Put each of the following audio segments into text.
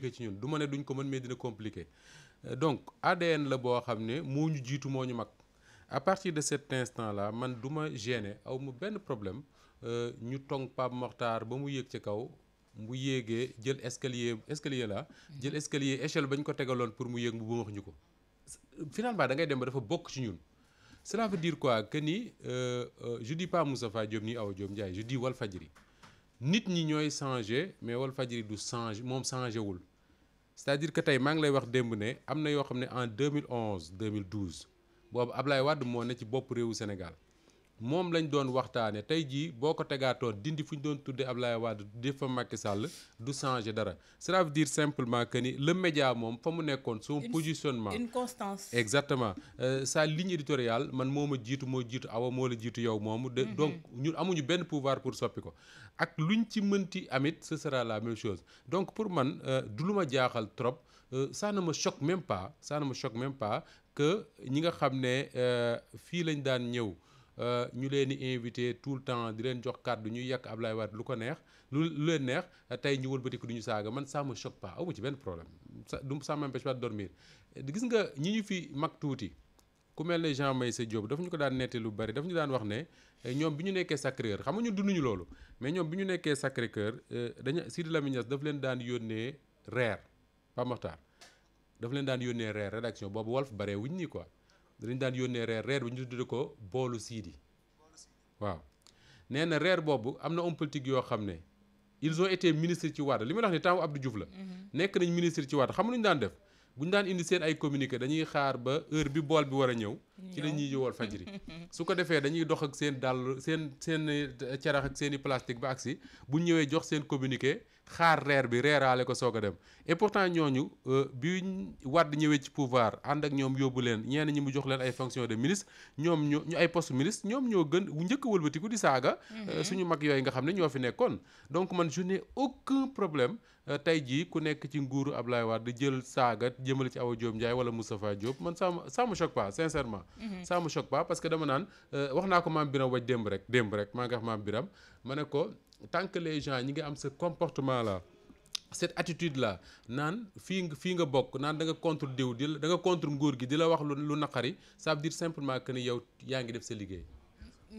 compliqué ci ñun du ma ne duñ ko mën mais dina compliqué euh, donc ADN la boo xam ne moo ñu jiitu moo ñu mag à partir de cet instant la man du ma gêné aw mu benn problème euh, ñu tong Pape Mokhtar ba mu yéeg ci kaw mu yéegee jël escalier escalier la jël escalier échelle ba ñu ko tegaloon pour mu yéeg mu bumax ñu ko finalement da ngay dem ba dafa bokk ci ñun cela veut dire quoi que ni euh, je dis pas Moustapha Diop ni Awa Diop Ndiaye wal dis Walfadjri nit ñi ñooy changé mais Walfadjri du changé moom changé wul c'est-à-dire tey maa ngi lay wax démb ne am na yoo xam ne en 2011 2012 boobu Ablaye wadd moo ne ci bopp réewu Sénégal moom lañ doon waxtaane tey jii boo ko tegaatoon dindi fu ñu doon tuddee ab Ablaye Wade def fa Macky Sall du changer dara cela veut simplement que ni le média moom fa mu nekkoon son positionnement une constance exactement euh, sa ligne éditoriale man moom ma jiitu moo jiitu awa moo la jiitu yow moomu de mhm. donc ñun amuñu benn pouvoir pour soppi ko ak lu ñu ci mënti amit ce sera la même chose donc pour man euh, du lu ma jaaxal trop euh, ça ne me choque même pas ça ne me choque même pas que ñi nga xam ne fii lañ daan ñëw Euh, ñu leen di invité tout le temps di leen jox kàddu ñuy yàq Ablaye Wade lu ko neex lu lu leen neex tey ñu wëlbatiku du ñu saaga man ça me choque pas ci benn problème ça du ça m'empêche pas de dormir gis nga ñi ñu fi mag tuuti ku mel ne Jean Meïssa Diop daf ñu ko daan nettali lu bari daf ñu daan wax ne eh, ñoom bi ñu nekkee Sacré-Cœur xam nga ñu dunduñu loolu mais ñoom bi ñu nekkee Sacré-Cœur eh, dañu Sidi Lamine Niass daf leen daan yónnee reer Pape Makhtar daf leen daan yónnee reer rédaction boobu Walf baree nii ñi quoi dañ daan yónnee reer reer bi ñu tuddee ko boolu siidi waaw nee na reer boobu am na homme politique yoo xam ne ils ont été ministre ci Wade li ma wax ni temps Abdou Diouf la. Mhm. nekk nañ ministre ci Wade xam lu ñu daan def bu ñu daan indi seen ay communiqué dañuy xaar ba heure bi bool bi war a ñëw. ci la ñuy yowal fajri su ko defee dañuy dox ak seen dàll seen seen cerax ak seen i plastique ba agsi bu ñëwee jox seen communiqué xaar reer bi reeraale ko soog a dem et pourtant ñooñu euh, bi Wàdd ñëwee ci pouvoir ànd ak ñoom yóbbu leen ñenn ñi mu jox leen ay fonction de ministre ñoom ñoo ñu ay poste ministre ñoom ñoo gën njëkk a ku di saaga euh, mm-hmm. suñu mag yooyu nga xam ne ñoo fi nekkoon donc man je n'ai problème euh, tey jii ku nekk ci nguuru Ablaye Wade jël saaga jëmale ci Awa Diop Ndiaye wala Moustapha Diop man ça ça me choque pas sincèrement Mhm. ça me choque pas parce que dama naan euh, wax naa ko maam Biram waj démb rek démb rek maa ngi wax maam Biram ma ne ko tant que les gens ñi ngi am sa comportement la cette attitude la naan fii nga fii nga bokk naan da nga contre diw di da nga contre nguur gi di la wax lu lu naqari ça veut dire simplement que ni yow yaa ngi def sa liggéey.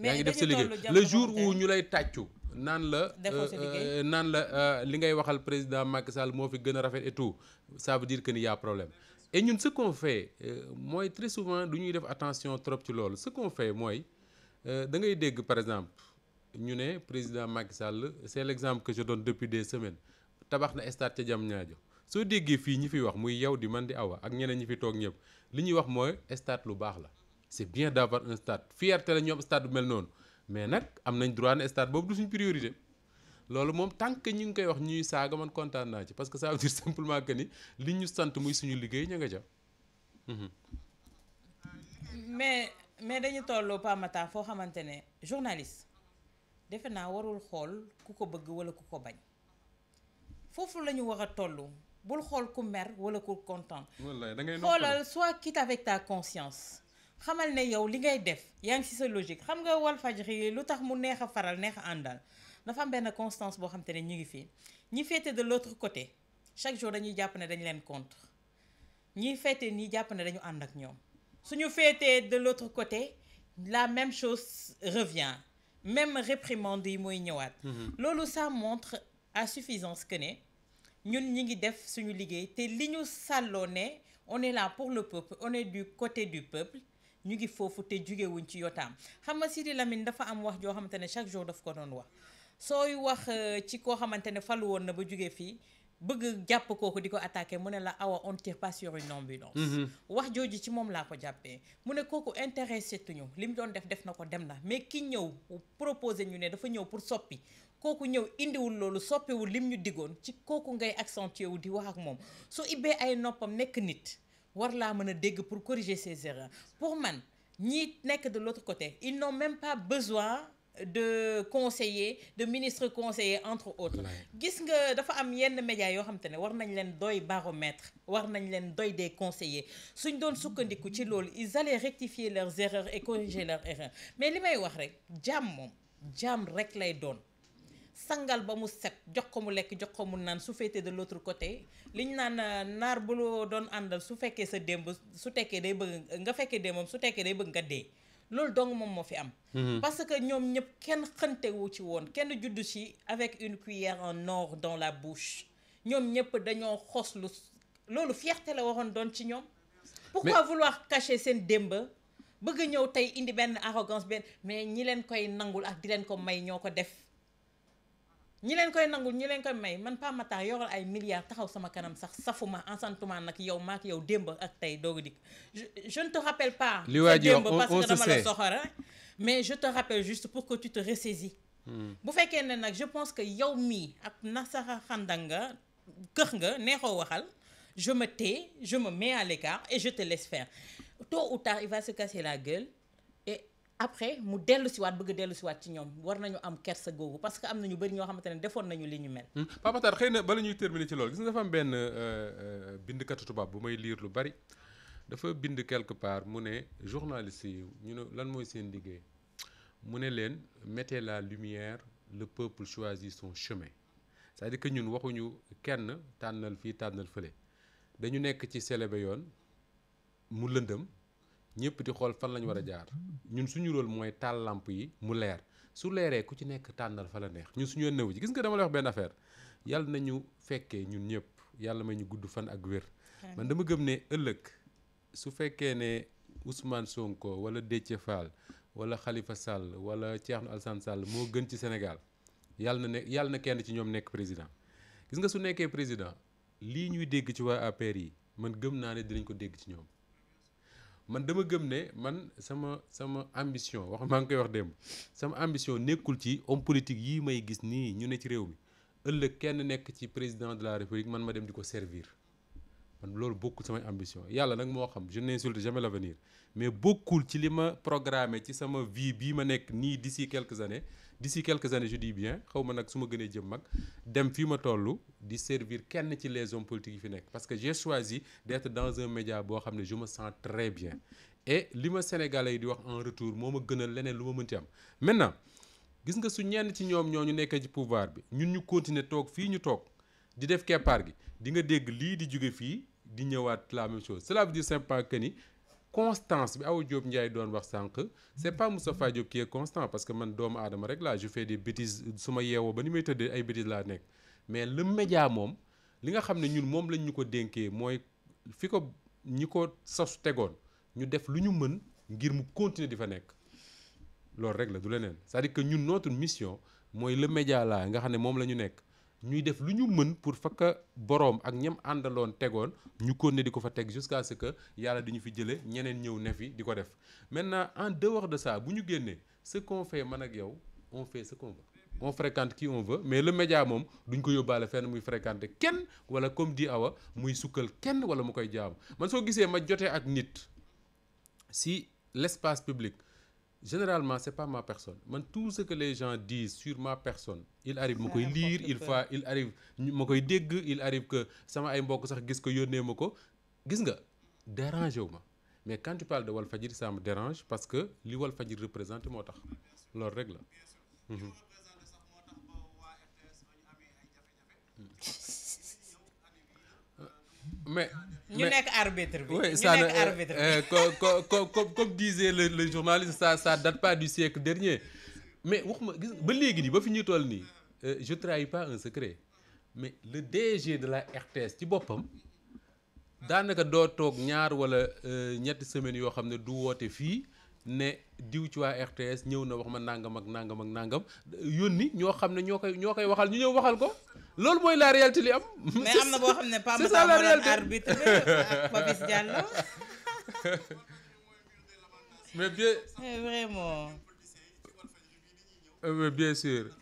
yaa ngi def sa liggéey le jour où ñu lay tàccu. naan la euh, euh, naan la li ngay waxal président Macky Sall moo fi gën a rafet et tout ça veut dire que ni y problème. et ñun ce qu'on fait euh, mooy très souvent du ñuy def attention trop ci loolu ce qu'on fait mooy euh, da ngay dégg par exemple ñu ne président Macky Sall c'est l'exemple que je donne depuis des semaines tabax na stade ca Diamniadio soo déggee fii ñi fi wax muy yow di man di awa ak ñeneen ñi fi toog ñëpp li ñuy wax mooy stade lu baax la c'est bien d'avoir un stade fierté la ñu am stade mel noonu mais nag am nañ droit ne stade boobu du suñ priorité loolu moom tant que ñu ngi koy wax ñuy saaga man kontaan naa ci parce que ça veut dire simplement que ni li ñu sant muy suñu liggéey ña nga ja mhm. mais mais dañu tolloo pamata foo xamante ne journaliste defe naa warul xool ku ko bëgg wala ku ko bañ foofu la ñu war a toll bul xool ku mer wala ku content wallaay da ngay xoolal soit quitte avec ta conscience xamal ne yow li ngay def yaa ngi ci sa logique xam nga Walfadjri lu tax mu neex a faral neex a àndal dafa am benn constance boo xam ne ñu ngi fii ñi féete de l'autre côté chaque jour dañuy jàpp ne dañu leen contre ñi féete nii jàpp na dañu ànd ak ñoom suñu féetee de l'autre côté la même chose revient même réprimande yi mooy ñëwaat mm-hmm. loolu ça montre à suffisance que ne ñun ñi ngi def suñu liggéey te li ñu sàlloo ne on est là pour le peuple on est du côté du peuple ñu ngi foofu te jugewuñ ci yotaam xam nga Sidi Lamine dafa am wax joo xamante ne chaque jour daf ko doon wax sooy wax euh, ci koo xamante ne falu woon na ba jógee fii bëgg jàpp kooku di ko attaqué mu ne la awa on tire pas sur une mm-hmm. wax jooju ci moom laa ko jàppee mu ne kooku intéressé tuñu li mu doon def def na ko dem na mais ki ñëw proposé ñu ne dafa ñëw pour soppi kooku ñëw indiwul loolu soppiwul lim ñu diggoon ci kooku ngay accentué wu di wax ak moom su ibbee ay noppam nekk nit war laa mën a dégg pour corriger ses erreurs pour man ñi nekk de l'autre côté ils n'ont même pas besoin de conseiller de ministre conseiller entre autres gis nga dafa am yenn médias yoo xam te ne war nañ leen doy baromètre war nañ leen doy des conseillers suñ doon sukkandiku ci loolu ils allaient rectifier leurs erreurs et corriger leurs erreurs mais li may wax rek jàmm moom jàmm rek lay doon sangal ba mu set jox ko mu lekk jox ko mu naan su féetee de l'autre côté ñu naan euh, naar bu loo doon àndal su fekkee sa démb su tekkee day bëgg nga fekkee moom su tekkee day bëgg nga dee loolu dong moom moo fi am. Mhm. parce que ñoom ñëpp kenn xëntewu ci woon kenn juddu ci avec une cuillère en or dans la bouche ñoom ñëpp dañoo xos lu loolu fierté la waxoon doon ci ñoom. pour pourquoi vouloir cacher seen démb bëgg ñëw tey indi benn arrogance benn mais ñi leen koy nangul ak di leen ko may ñoo ko def. ñi leen koy nangul ñi leen koy may man Pape Matar yoral ay milliards taxaw sama kanam sax safuma ensantuma nag yow maak yow démb ak tey doog a dikk je te rappelle pas. li waaj yow parce que dama mais je te rappelle juste pour que tu te ressaisis. Hmm. bu fekkee ne nag je pense que yow mii ak nasara xandanga këx nga neexoo waxal je me tais je me mets à l'écart et je te laisse faire tôt ou tard il va la gueule. après mu dellu siwaat bëgg dellu siwaat ci ñoom war nañu am kersa googu parce que am na ñu bëri ñoo xamante ne defoon nañu li ñu mel. Hmm. Papa Tar xëy na bala ñuy terminer ci loolu gis nga dafa am benn euh, euh, tubaab bu may liir lu bari dafa bind quelque part mu ne journaliste yi ñu ne lan mooy seen liggéey mu ne leen mettez la lumière le peuple choisit son chemin c'est-à-dire que ñun waxuñu kenn tànnal fii tànnal fële dañu nekk ci selebe yoon mu lëndëm. ñëpp di xool fan lañ war a jaar ñun suñu rôle mooy taal làmp yi mu leer su leeree ku ci nekk tànnal fa la neex ñun suñu yoon newu ci gis nga dama lay benn affaire yàlla nañu fekkee ñun ñëpp yàlla may ñu gudd fan ak wér man dama gëm ne ëllëg su fekkee ne Ousmane Sonko wala Déthié Fall wala Khalifa Sall wala Thierno Alassane Sall moo gën ci Sénégal yàlla na ne yàlla na kenn ci ñoom nekk président gis nga su nekkee président lii ñuy dégg ci waa APR yi man gëm naa ne dinañ ko dégg ci ñoom man dama gëm ne man sama sama ambition wax maa ngi koy wax démb sama ambition nekkul ci homme politique yii may gis nii ñu ne ci réew mi ëllëg kenn nekk ci président de la république man ma dem di ko servir man loolu bokkul samay ambition yàlla nag moo xam je n'insulte jamais l'avenir mais bokkul ci li ma programmé ci sama vie bii ma nekk nii di d'ici quelques années d'ici quelques années je dis bien xaw ma nag su ma gënee jëm mag dem fii ma toll di servir kenn ci les hommes politiques yi fi nekk parce que j'ai choisi d'être dans un média boo xam ne je me sens très bien et li ma sénégalais yi di wax en retour moo ma gënal leneen lu ma mënti am maintenant gis nga su ñenn ci ñoom ñoo ñu nekkee ci pouvoir bi ñun ñu continuer toog fii ñu toog di def keppaar gi di nga di jóge fii di ñëwaat la même chose cela veut dire simplement ni constance bi aw Diop Ndiaye doon wax sànq c'est pas sa Diop qui est constant parce que man doomu aadama rek laa je fais des bêtises su yeewoo ba ni may tëddee ay bêtises laa nekk mais le média moom li nga xam ne ñun moom lañ ñu ko dénkee mooy fi ko ñi ko sos tegoon ñu def lu ñu mën ngir mu continuer di fa nekk loolu rek la du leneen cest à que ñun nootu mission mooy le média laa nga xam ne moom la ñu nekk ñuy def lu ñu mën pour fakka boroom ak ñam àndaloon tegoon ñu kon ne di ko fa teg jusqu'à ce que yàlla di ñu fi jële ñeneen ñëw ne fi di ko def maintenant en dehors de ça bu ñu génnee ce qu'on man ak yow on fait ce qu'on veut on fréquente qui on mais le média moom duñ ko yóbbaale fenn muy fréquenter kenn wala comme dit Awa muy sukkal kenn wala mu koy jaam man soo gisee ma jotee ak nit si l'espace public généralement c'est pas ma personne man tout ce que les gens disent sur ma personne il arrive ma koy lire il fa il arrive ma koy dégg il arrive que sama ay mbokk sax gis ko yónnee ma ko gis nga dérangé wu ma mais quand tu parles fajir Walfadjri ça dérange parce que li Walfadjri représente moo tax loolu rek la mais ñu nekk arbitre bi ñu nekk euh, arbitre bi comme euh, comme comme disait journaliste ça ça date pas du siècle dernier mais waxuma gis ba léegi nii ba fi ñu toll nii euh, je trahis pas un secret mais le DG de la RTS ci boppam daanaka doo toog ñaar wala ñetti semaines yoo xam ne du woote fii. ne diw ci waa RTS ñëw na wax ma nangam ak nangam ak nangam yónni ñoo xam ne ñoo koy ñoo koy waxal ñu ñëw waxal ko loolu mooy la réalité li am. mais am na boo xam ne Pape Matar moo doon arbitre mais bien. vraiment. Euh,